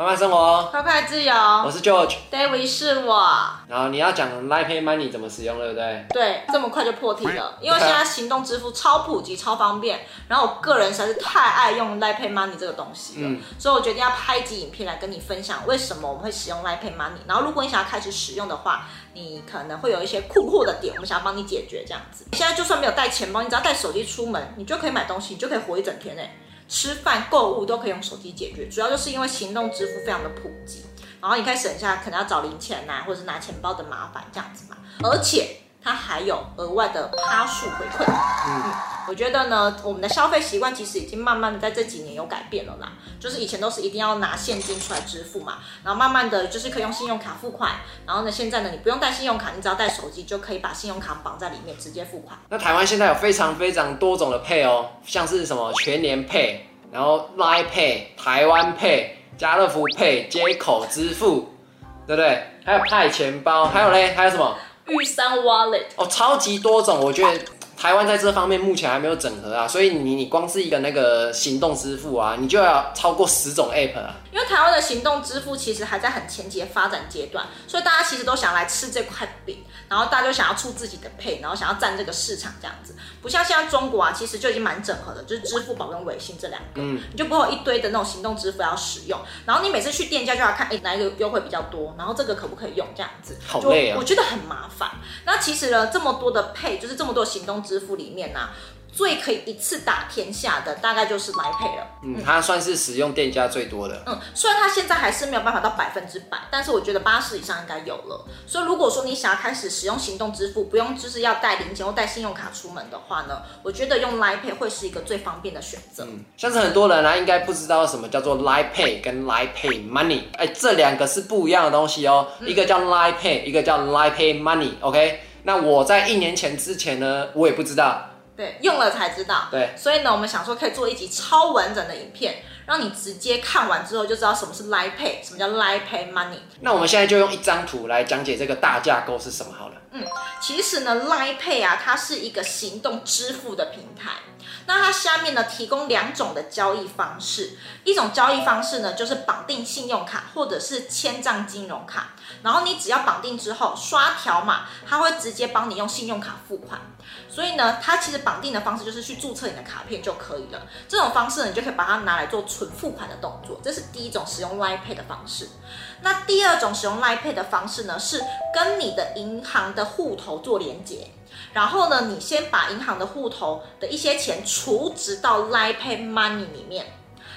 慢慢生活、哦，快快自由。我是 George，David 是我。然後你要講 Line Pay Money 怎麼使用了，對不對？對，這麼快就破題了，因為現在行動支付超普及、超方便。然後我個人實在是太愛用 Line Pay Money 這個東西了、嗯，所以我決定要拍一集影片來跟你分享為什麼我們會使用 Line Pay Money。然後如果你想要開始使用的話，你可能會有一些困惑的點，我們想要幫你解決。這樣子，現在就算沒有帶錢包，你只要帶手機出門，你就可以買東西，你就可以活一整天誒。吃飯、購物都可以用手機解決，主要就是因為行動支付非常的普及，然後你可以省下可能要找零錢吶、啊，或者是拿錢包的麻煩這樣子嘛，而且它還有額外的趴數回饋。嗯嗯我覺得呢，我們的消費習慣其實已經慢慢的在這幾年有改變了啦。就是以前都是一定要拿現金出來支付嘛，然後慢慢的就是可以用信用卡付款，然後呢，現在呢，你不用帶信用卡，你只要帶手機就可以把信用卡綁在裡面直接付款。那台灣現在有非常非常多種的 Pay 哦，像是什麼全聯 Pay，然後 Line Pay，台灣 Pay，家樂福 Pay，街口支付， 對不對？還有 Pay 錢包，嗯、還有呢，還有什麼？玉山 Wallet 哦，超級多種，我覺得。台灣在這方面目前還沒有整合啊，所以你你光是一個那個行動支付啊，你就要超過十種 App 啊。因為台灣的行動支付其實還在很前期的發展階段，所以大家其實都想來吃這塊餅，然後大家就想要出自己的 Pay，然後想要占這個市場這樣子。不像現在中國啊，其實就已經蠻整合的，就是支付寶跟微信這兩個、嗯，你就不會有一堆的那種行動支付要使用，然後你每次去店家就要看哎、欸、哪一個優惠比較多，然後這個可不可以用這樣子。就好累啊！我覺得很麻煩。那其實呢，這麼多的 Pay 就是這麼多行動支付。支付裡面呢、啊，最可以一次打天下的大概就是 Line Pay 了。嗯。嗯，它算是使用店家最多的。嗯，雖然它現在還是沒有辦法到百分之百，但是我覺得八十以上應該有了。所以如果說你想要開始使用行動支付，不用就是要帶零錢或帶信用卡出門的話呢，我覺得用 Line Pay 會是一個最方便的選擇。嗯，像是很多人呢，嗯、應該不知道什麼叫做 Line Pay 跟 Line Pay Money。哎、欸，這兩個是不一樣的東西哦、喔嗯，一個叫 Line Pay，一個叫 Line Pay Money。OK。那我在一年前之前呢，我也不知道。對，用了才知道。對，所以呢，我們想說可以做一集超完整的影片，讓你直接看完之後就知道什麼是 Line Pay，什麼叫 Line Pay Money。那我們現在就用一張圖來講解這個大架構是什麼好了。嗯。其實呢 Line Pay 啊，它是一個行動支付的平台。那它下面呢，提供兩種的交易方式。一種交易方式呢，就是綁定信用卡或者是簽帳金融卡。然後你只要綁定之後，刷條碼，它會直接幫你用信用卡付款。所以呢，它其實綁定的方式就是去註冊你的卡片就可以了。這種方式呢，你就可以把它拿來做純付款的動作。這是第一種使用 Line Pay 的方式。那第二種使用 Line Pay 的方式呢，是跟你的銀行的互通。做連接，然後呢，你先把銀行的戶頭的一些錢儲值到 Line Pay Money 裡面，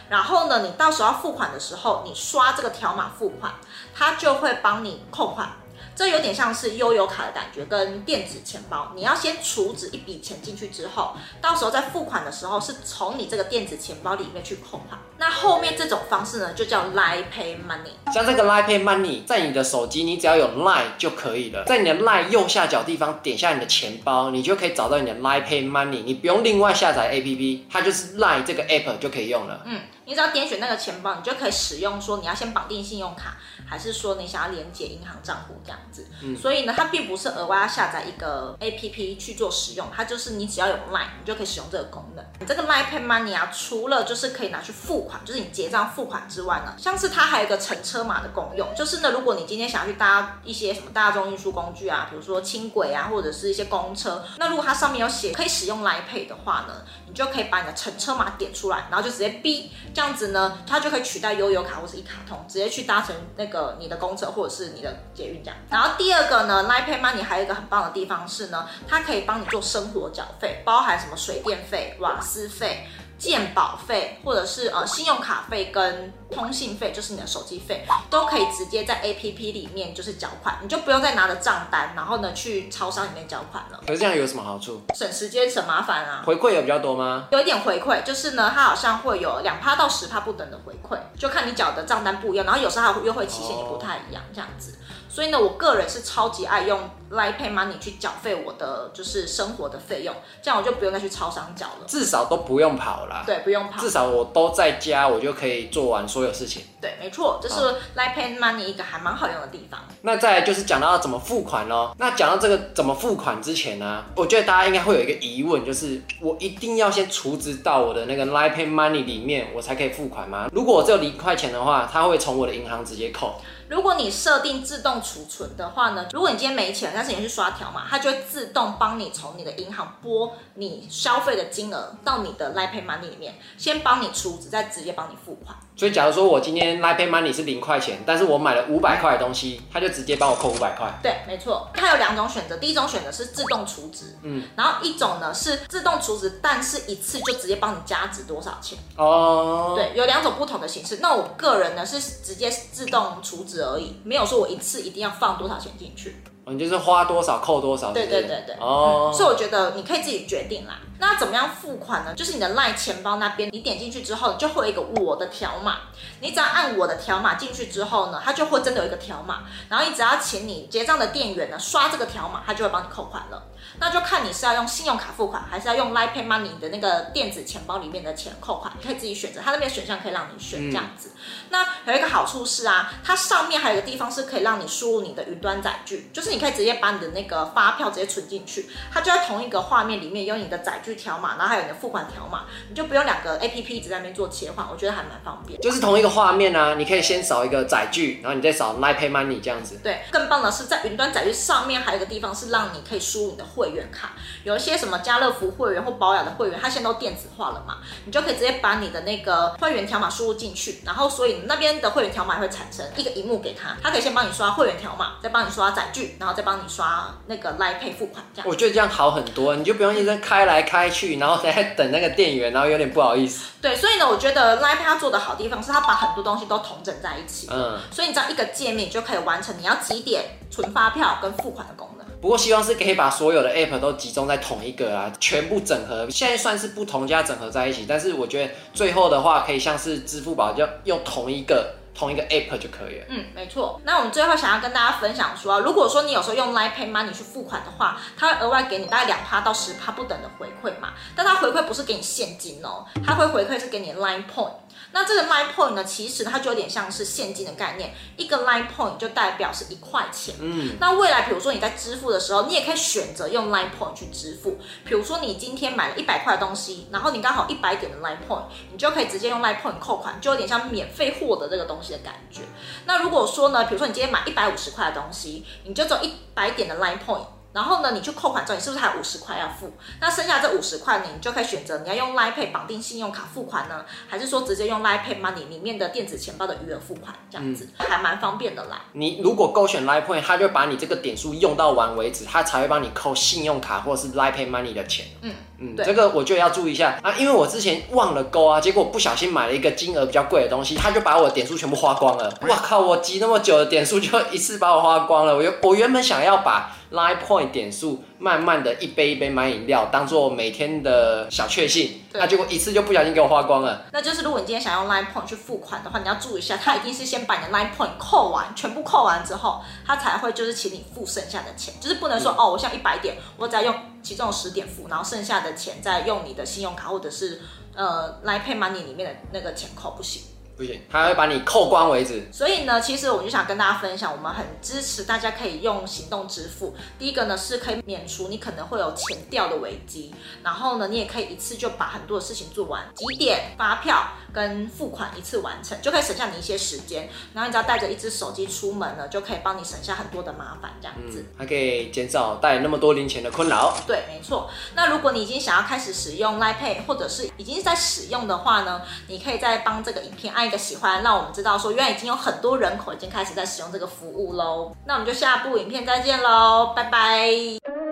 然後呢，你到時候付款的時候，你刷這個條碼付款，他就會幫你扣款。這有點像是悠游卡的感覺，跟電子錢包。你要先儲值一筆錢進去之後，到時候在付款的時候是從你這個電子錢包裡面去扣它。那後面這種方式呢，就叫 Line Pay Money。像這個 Line Pay Money，在你的手機你只要有 Line 就可以了。在你的 Line 右下角地方點下你的錢包，你就可以找到你的 Line Pay Money。你不用另外下載 APP，它就是 Line 這個 App 就可以用了。嗯。你只要點選那個錢包，你就可以使用。說你要先綁定信用卡，還是說你想要連結銀行賬戶這樣子？嗯。所以呢，它並不是額外要下載一個 A P P 去做使用，它就是你只要有 Line，你就可以使用這個功能。你這個 Line Pay Money 啊，除了就是可以拿去付款，就是你結賬付款之外呢，像是它還有一個乘車碼的功用，就是呢，如果你今天想要去搭一些什麼大眾運輸工具啊，比如說輕軌啊，或者是一些公車，那如果它上面有寫可以使用 Line Pay 的話呢，就可以把你的乘車碼點出來，然後就直接 B，這樣子呢，它就可以取代悠遊卡或是一卡通，直接去搭乘那個你的公車，或者是你的捷運這樣。然後第二個呢，Line Pay Money 還有一個很棒的地方是呢，它可以幫你做生活繳費，包含什麼水電費、瓦斯費。健保費或者是呃信用卡費跟通信費，就是你的手機費，都可以直接在 APP 裡面就是繳款，你就不用再拿着賬單，然後呢去超商裡面繳款了。可是這樣有什麼好處？省時間省麻煩啊！回饋有比較多嗎？有一點回饋，就是呢，它好像會有兩趴到十趴不等的回饋，就看你繳的賬單不一樣，然後有時候它優惠期限也不太一樣這樣子、哦。所以呢，我個人是超級愛用。Line pay money 去繳費我的就是生活的費用，這樣我就不用再去超商繳了，至少都不用跑啦。對，不用跑。至少我都在家，我就可以做完所有事情。對，沒錯，就是 Line pay money 一個還蠻好用的地方。哦、那再就是講到怎麼付款咯。那講到這個怎麼付款之前呢、啊，我覺得大家應該會有一個疑問，就是我一定要先儲值到我的那個 Line pay money 裡面，我才可以付款嗎？如果我只有零塊錢的話，他會從我的銀行直接扣？如果你設定自動儲存的話呢，如果你今天沒錢，但是你去刷條碼，它就會自動幫你從你的銀行撥你消費的金額到你的 Line Pay Money 裡面，先幫你儲值，再直接幫你付款。所以，假如說我今天 Line Pay Money 是零塊錢，但是我買了五百塊的東西，它就直接幫我扣五百塊。對，沒錯，它有兩種選擇，第一種選擇是自動儲值，嗯，然後一種呢是自動儲值，但是一次就直接幫你加值多少錢。哦，對，有兩種不同的形式。那我個人呢是直接自動儲值。而已，沒有說我一次一定要放多少錢進去。哦、你就是花多少扣多少是不是？對對對對，哦、oh 嗯，所以我覺得你可以自己決定啦。那怎麼樣付款呢？就是你的 LINE 錢包那邊，你點進去之後，就會有一個我的條碼。你只要按我的條碼進去之後呢，它就會真的有一個條碼。然後，你只要請你結賬的店員呢，刷這個條碼，他就會幫你扣款了。那就看你是要用信用卡付款，還是要用 LINE Pay Money 你的那個電子錢包裡面的錢扣款，你可以自己選擇。它那邊選項可以讓你選這樣子，嗯。那有一個好處是啊，它上面還有一個地方是可以讓你輸入你的雲端載具，就是。你可以直接把你的那個發票直接存進去，它就在同一個畫面裡面，有你的載具條碼，然後還有你的付款條碼，你就不用兩個 A P P 一直在那邊做切換，我覺得還蠻方便。就是同一個畫面啊，你可以先掃一個載具，然後你再掃 Line Pay Money 這樣子。對，更棒的是在雲端載具上面還有一個地方是讓你可以輸入你的會員卡，有一些什麼家樂福會員或寶雅的會員，它現在都電子化了嘛，你就可以直接把你的那個會員條碼輸入進去，然後所以那邊的會員條碼會產生一個螢幕給他，他可以先幫你刷會員條碼，再幫你刷載具。然後再幫你刷那個來 pay 付款，這樣我覺得這樣好很多，你就不用一直開來開去，然後等，等那個店員，然後有點不好意思。對，所以呢，我覺得來 pay 它做的好地方是它把很多東西都同整在一起。嗯，所以你知道一個界面，就可以完成你要幾點存發票跟付款的功能。不過希望是可以把所有的 app 都集中在同一個啦，全部整合。現在算是不同家整合在一起，但是我覺得最後的話可以像是支付寶，就用同一個。同一個 app 就可以了。嗯，沒錯。那我們最後想要跟大家分享說啊，如果說你有時候用 Line Pay Money 去付款的話，它會額外給你大概兩趴到十趴不等的回饋嘛。但它回饋不是給你現金喔，它會回饋是給你 Line Point。那這個 line point 呢，其實它就有點像是現金的概念。一個 line point 就代表是一塊錢。嗯，那未來比如說你在支付的時候，你也可以選擇用 line point 去支付。比如說你今天買了一百塊的東西，然後你剛好一百點的 line point，你就可以直接用 line point 扣款，就有點像免費獲得這個東西的感覺。那如果說呢，比如說你今天買一百五十塊的東西，你就走一百點的 line point。然後呢，你去扣款之後，你是不是還有五十塊要付？那剩下這五十塊你就可以選擇你要用 Line Pay 綁定信用卡付款呢，還是說直接用 Line Pay Money 裡面的電子錢包的餘額付款？這樣子，嗯、還蠻方便的啦。你如果勾選 Line Point，他就把你這個點數用到完為止，他才會幫你扣信用卡或是 Line Pay Money 的錢。嗯。嗯，這個我就要注意一下啊，因為我之前忘了勾啊，結果不小心買了一個金額比較貴的東西，他就把我的點數全部花光了。哇靠！我集那麼久的點數，就一次把我花光了。我我原本想要把 Line Point 點數。慢慢的一杯一杯買飲料，當做每天的小確幸。那結果一次就不小心給我花光了。那就是如果你今天想用 Line Point 去付款的話，你要注意一下，他一定是先把你的 Line Point 扣完，全部扣完之後，他才會就是請你付剩下的錢。就是不能說、嗯、哦，我現在一百點，我只要用其中十點付，然後剩下的錢再用你的信用卡或者是呃 Line Pay Money 裡面的那個錢扣，不行。不行，他會把你扣光為止。所以呢，其實我就想跟大家分享，我們很支持大家可以用行動支付。第一個呢，是可以免除你可能會有錢掉的危機。然後呢，你也可以一次就把很多的事情做完，幾點發票跟付款一次完成，就可以省下你一些時間。然後你只要帶着一隻手機出門了，就可以幫你省下很多的麻煩，這樣子。嗯、還可以減少帶那麼多零錢的困擾。對，沒錯。那如果你已經想要開始使用 Line Pay，或者是已經在使用的話呢，你可以再幫這個影片按一個喜歡，讓我們知道說，原來已經有很多人口已經開始在使用這個服務嘍。那我們就下部影片再見嘍，拜拜。